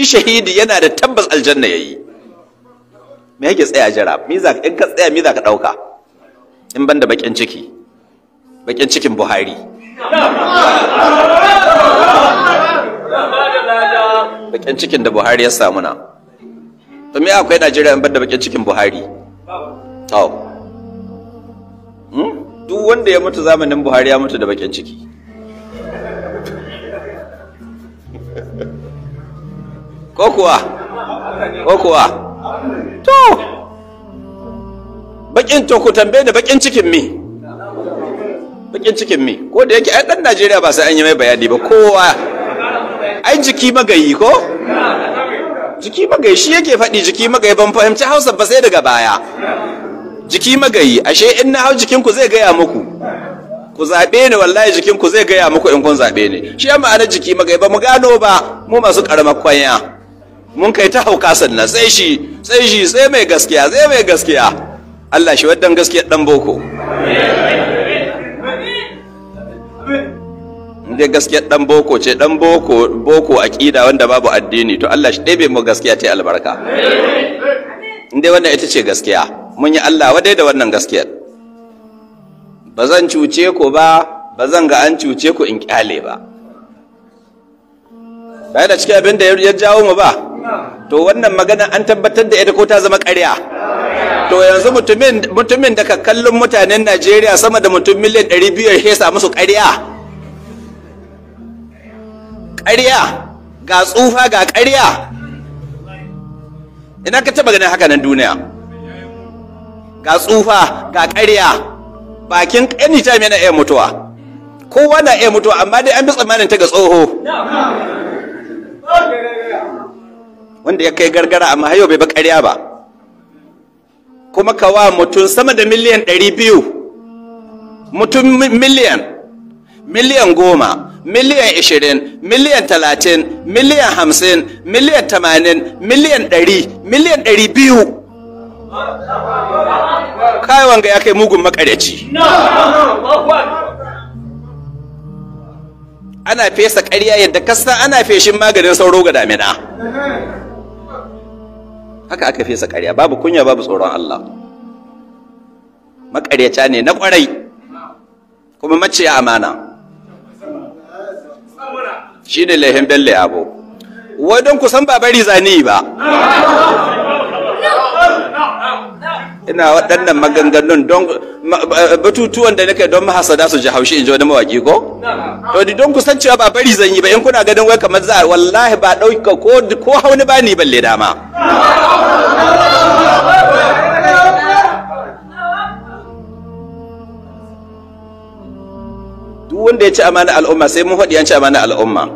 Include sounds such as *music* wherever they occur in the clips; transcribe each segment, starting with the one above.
shi shahidi yana da tabbas aljanna ya yi. me yake tsaya jira za in ka tsaya me za ka ɗauka? in ban da bakin ciki bakin cikin Buhari bakin cikin da Buhari ya samu na to me akwai Najeriya in ban da bakin cikin Buhari to hmm? duk wanda ya mutu zamanin Buhari ya mutu da bakin ciki *laughs* ko kuwa ko kuwa to bakin to ku tambaye ni bakin cikin mi bakin cikin mi ko da yake ai dan Najeriya ba sai an yi mai bayani ba kowa ai jiki magayi ko jiki magayi shi yake faɗi jiki magayi ban fahimci Hausa ba sai daga baya jiki magayi ashe in na hau jikinku zai gaya muku ku zaɓe ni wallahi jikinku zai gaya muku in kun zaɓe ni shi ya ma'anar jiki magayi ba mu gano ba mu masu ƙaramar kwanya mun kai ta hauka sannan sai shi sai shi sai mai gaskiya sai mai gaskiya Allah shi waddan gaskiya dan boko inda gaskiya dan boko ce dan boko boko aqida wanda babu addini to Allah shi ɗebe mu gaskiya ta albarka inda wannan ita ce gaskiya mun yi Allah wadai da wannan gaskiyar ba zan cuce ku ba ba zan ga an cuce ku in kyale ba bai da cikin abin da ya jawo mu ba to wannan magana an tabbatar da ita ko ta zama ƙarya to yanzu mutumin da ka kallon mutanen najeriya sama da mutum miliyan 200 ya sa musu ƙarya ƙarya ga tsufa ga ƙarya ina ka taba ganin haka nan duniya ga tsufa ga ƙarya bakin anytime yana iya mutuwa kowa na iya mutuwa amma dai an fi tsammanin ta ga tsoho wanda ya kai gargara amma hayo bai ba ba kuma kawa mutum sama da miliyan ɗari biyu mutum miliyan miliyan goma miliyan ishirin miliyan talatin miliyan hamsin miliyan tamanin miliyan ɗari miliyan ɗari biyu kai wanga ya kai mugun makareci ana fesa ƙarya yadda kasa ana feshin maganin sauro ga damina haka aka fesa ƙarya babu kunya babu tsoron Allah maƙaryaca ne na ƙwarai kuma mace amana shi ne lehin belle abu wai don kusan ba bari zani ba ina waɗannan maganganun don eh, batutuwan da nake don mahasada su ji haushi in ji wani mawaƙi ko to di don kusan cewa ba bari zan yi ba in kuna ganin wai kamar za wallahi ba ɗauka ko ko hauni ba ni balle dama duk wanda ya ci amana al'umma sai mun faɗi an ci amana al'umma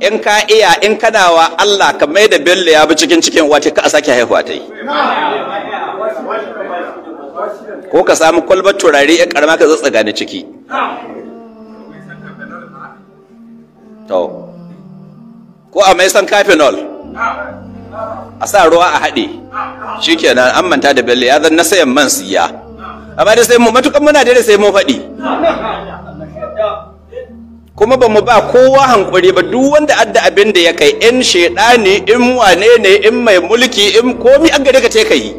in ka iya in kana wa Allah ka mai da bello ya bi cikin cikin wata ka a sake haihuwa ta yi ko ka samu kwalbar turare ya karama ka zatsaga na ciki to ko a mai san kafinol a sa ruwa a haɗe shi kenan an manta da belle ya zan sayan man siya amma da sai mu matukan muna da sai mu faɗi kuma ba mu ba kowa hankuri ba duk wanda adda abin da ya kai in shaidani in wane ne in mai mulki in komi an gare ka ce ka yi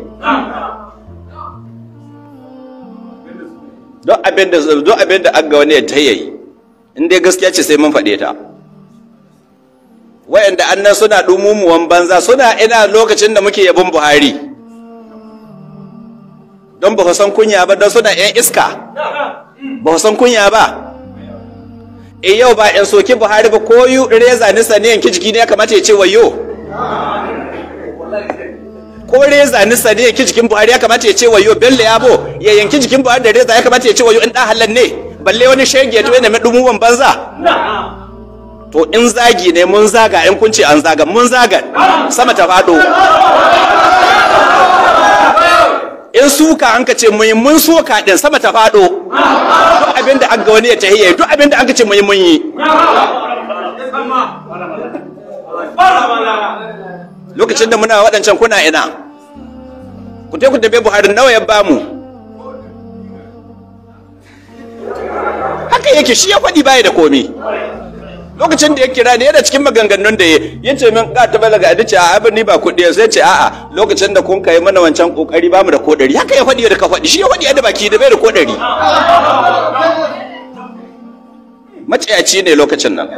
don abin da zo abin da an ga wani ta yayi in dai gaskiya ce sai mun faɗe ta wayanda annan suna dumumuwan banza suna ina lokacin da muke yabon Buhari don ba san kunya ba don suna yan iska ba san kunya ba e yau ba in soki Buhari ba ko reza ni saniyan ki jiki ne ya kamata ya ce wayo ko reza ni saniyan ki jikin Buhari ya kamata ya ce wayo bello ya bo ya yanki jikin ba da reza ya kamata ya ce wayo in ɗan halal ne balle wani shege ya na mai ɗumuwan banza to in zagi ne mun zaga in kunci an zaga mun zaga sama ta faɗo. in suka an ka ce mun mun soka din sama ta faɗo. duk abinda an ga wani ya ta hiyaye, duk abinda an ka ce mun mun yi lokacin da muna waɗancan kuna ina ku je ku tafi buhari nawa ya bamu yake shi ya faɗi baya da komi lokacin da ya kira ne yana cikin maganganun da ya ce min ka ta balaga da ce a abin ni ba kuɗi sai ce a'a lokacin da kun kai mana wancan kokari ba mu da kodari haka ya faɗi da ka faɗi shi ya faɗi da baki da bai da kodari maciyaci ne lokacin nan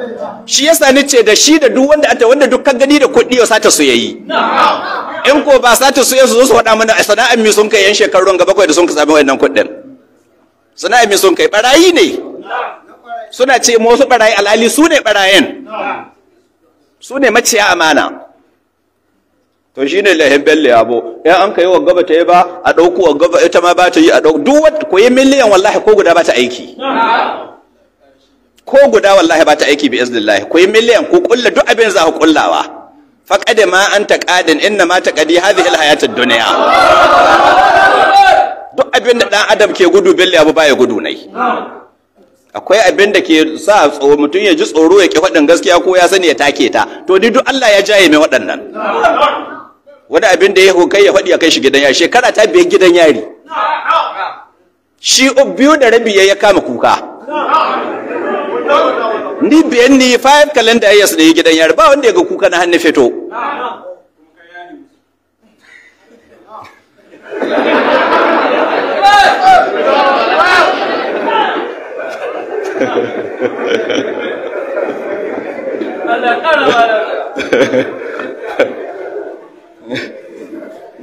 shi yasa ni ce da shi da duk wanda ata wanda duk kan gani da kuɗi ya sata su yayi in ko ba sata su yayi su zo su faɗa mana sana'an mi sun kai yan shekarun gaba kai da sun ka sami wannan kuɗin sana'an mi sun kai barayi ne suna ce wasu ɓarayi alali su ne ɓarayin, su ne maciya amana to shi ne lahin belle yabo ya an ka yi wa gaba ta yi ba a ɗauku wa gaba ita ma ba ta yi a ɗauku duk wata ko yi miliyan wallahi ko guda ba ta aiki ko guda wallahi ba ta aiki bi iznillahi ko yi miliyan ko kulla duk abin za ku kullawa faqad ma anta qadin inna ma taqadi hadhihi alhayatid dunya duk abin da dan adam ke gudu belle abu baya gudu nai akwai abin da ke sa tsoro mutum ya ji tsoro ya ki faɗin gaskiya ko ya sani ya take ta to ni duk Allah ya jaye mai waɗannan wani abin da ya kai ya faɗi a kai shi gidan yari shekara ta biyar gidan yari shi biyu da rabi ya kama kuka ni biyan ni five calendar years da ya gidan yari ba wanda ya ga kuka na hannu fito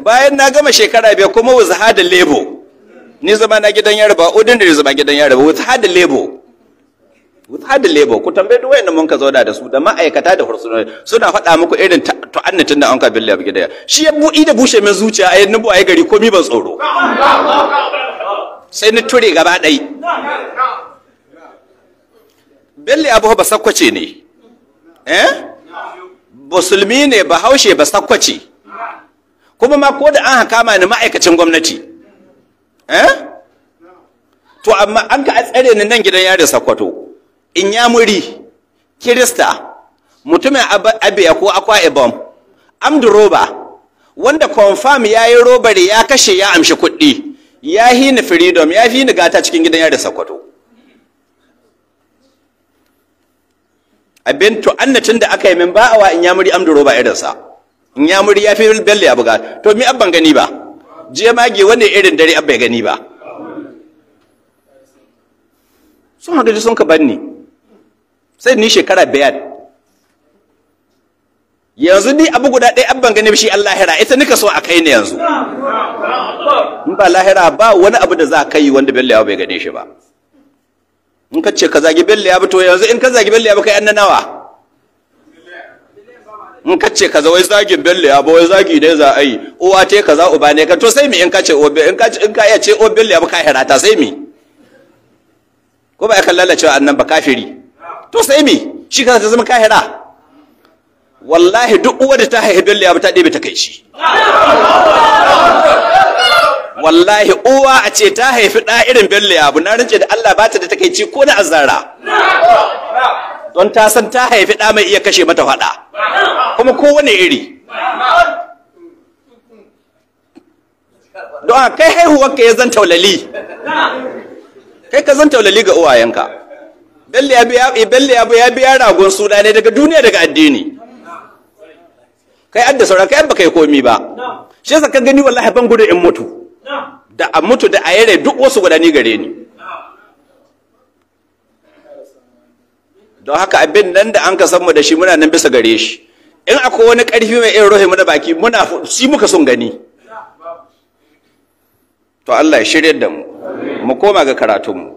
bayan na gama shekara biyar kuma wuzu hada lebo ni zama na gidan yarba udin da zama gidan yarba wuzu hada lebo wuzu hada lebo ku tambaye duwaye na mun ka zauna da su da ma'aikata da hursunoni suna faɗa muku irin ta'annatin da an ka gida ya shi ya buɗi da bushe min zuciya a yadda nubu a yi gari komi ban tsoro sai ni ture gaba ɗai bello abu ba sakwace ne eh musulmi ne ba haushe ba sakwace kuma ma ko da an haka ni ma'aikacin gwamnati eh to amma an ka tsare ni nan gidan yare sakwato in ya muri kirista mutumin abiya ko akwa ibom Amdu Roba, wanda confirm ya yi robari ya kashe ya amshi kuɗi ya hini freedom ya fi gata cikin gidan yare sakwato abin to annacin da aka yi min ba a wa in yamuri amduro ba irinsa in yamuri ya fi bello ya buga to mi abban gani ba je mage wani irin dare abba ya gani ba sun haɗu sun ka banni sai ni shekara biyar yanzu ni abu guda ɗaya abban gani shi an lahira ita nika so a kai ne yanzu in ba lahira ba wani abu da za a kai wanda bello ya bai gane shi ba in ka ce ka zagi bello ya to yanzu in ka zagi bello ya bi kai an nawa in ka ce ka zawai zagin bello ya bawai zagi ne za a yi uwa te za uba ne ka to sai mi in ka ce obe in ka in ka iya ce o bello ya bi ka hirata sai mi ko ba ya kallala cewa annan ba kafiri to sai mi shi ka zama kahira wallahi duk uwa da ta haihu bello ya bi ta ɗebe ta kai shi wallahi uwa a ce ta haifi ɗa irin bello abu na rince da Allah bata da takaici ko da azara don ta san ta haifi ɗa mai iya kashe mata faɗa kuma kowane iri don kai ka ya zan taulali kai ka zan taulali ga uwayenka bello eh, ya biya ragon suna ne daga duniya daga addini kai adda saura kai ba kai komi ba shi yasa ka gani wallahi ban gudu in mutu da a mutu da a yare duk wasu gudani gare ni don haka abin nan da an ka san mu da shi muna nan bisa gare shi in akwai wani karfi mai irin rohe mu baki muna shi muka son gani to Allah ya shirye da mu mu koma ga karatunmu